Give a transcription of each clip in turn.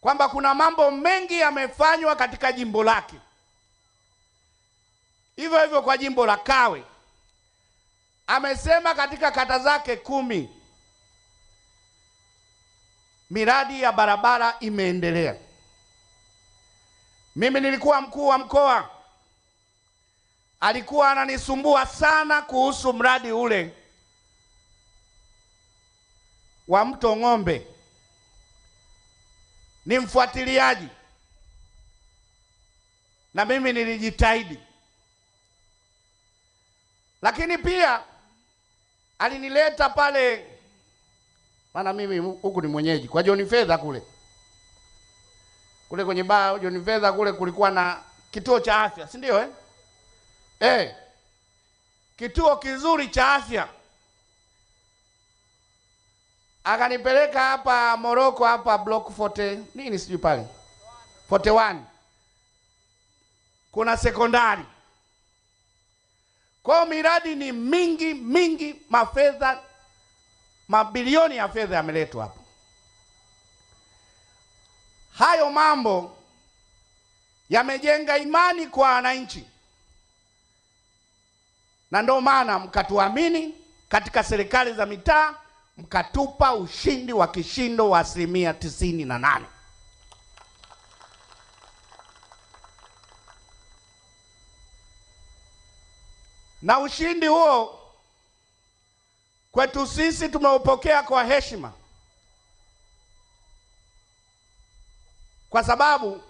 kwamba kuna mambo mengi yamefanywa katika jimbo lake, hivyo hivyo kwa jimbo la Kawe. Amesema katika kata zake kumi miradi ya barabara imeendelea. Mimi nilikuwa mkuu wa mkoa, alikuwa ananisumbua sana kuhusu mradi ule wa Mto Ng'ombe ni mfuatiliaji, na mimi nilijitahidi, lakini pia alinileta pale, maana mimi huku ni mwenyeji kwa John Fedha kule kule kwenye baa John Fedha kule kulikuwa na kituo cha afya, si ndio eh? Eh, kituo kizuri cha afya akanipeleka hapa moroko hapa block 40 nini sijui pale 41 kuna sekondari kwao, miradi ni mingi mingi, mafedha mabilioni ya fedha yameletwa hapo. Hayo mambo yamejenga imani kwa wananchi, na ndio maana mkatuamini katika serikali za mitaa mkatupa ushindi wa kishindo wa asilimia tisini na nane. Na ushindi huo kwetu sisi tumeupokea kwa heshima, kwa sababu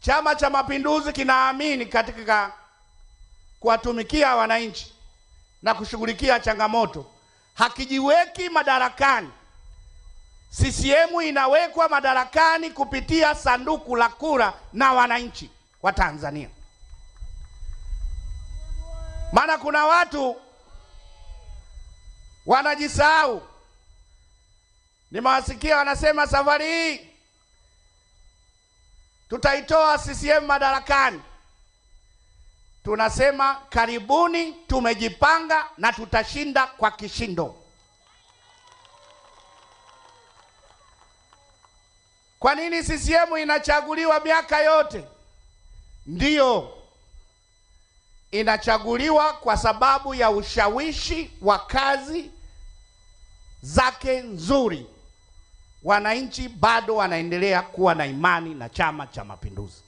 Chama cha Mapinduzi kinaamini katika kuwatumikia wananchi na kushughulikia changamoto hakijiweki madarakani. CCM inawekwa madarakani kupitia sanduku la kura na wananchi wa Tanzania. Maana kuna watu wanajisahau. Nimewasikia wanasema safari hii tutaitoa CCM madarakani tunasema karibuni, tumejipanga na tutashinda kwa kishindo. Kwa nini CCM inachaguliwa miaka yote? Ndiyo, inachaguliwa kwa sababu ya ushawishi wa kazi zake nzuri. Wananchi bado wanaendelea kuwa na imani na Chama cha Mapinduzi.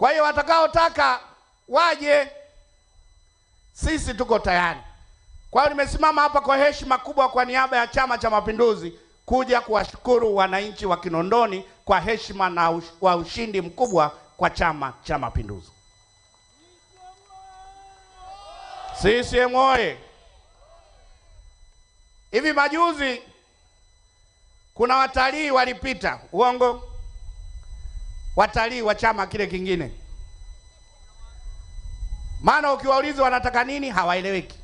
Kwa hiyo watakaotaka waje, sisi tuko tayari. Kwa hiyo nimesimama hapa kwa heshima kubwa kwa niaba ya Chama cha Mapinduzi kuja kuwashukuru wananchi wa Kinondoni kwa heshima na ush, wa ushindi mkubwa kwa Chama cha Mapinduzi. CCM oye! Hivi majuzi kuna watalii walipita, uongo watalii wa chama kile kingine, maana ukiwauliza wanataka nini hawaeleweki.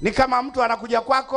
Ni kama mtu anakuja kwako